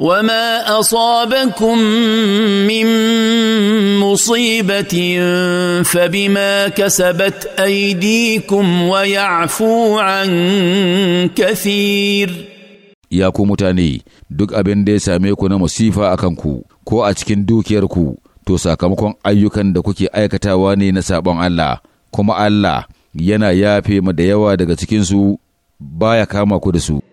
وما اصابكم من مصيبه فبما كسبت ايديكم ويعفو عن كثير ya ku mutane duk abin da ya same ku na masifa a kanku ko a cikin dukiyarku to sakamakon ayyukan da kuke aikatawa ne na sabon Allah kuma Allah yana yafe ma da yawa daga cikinsu baya kama ku da su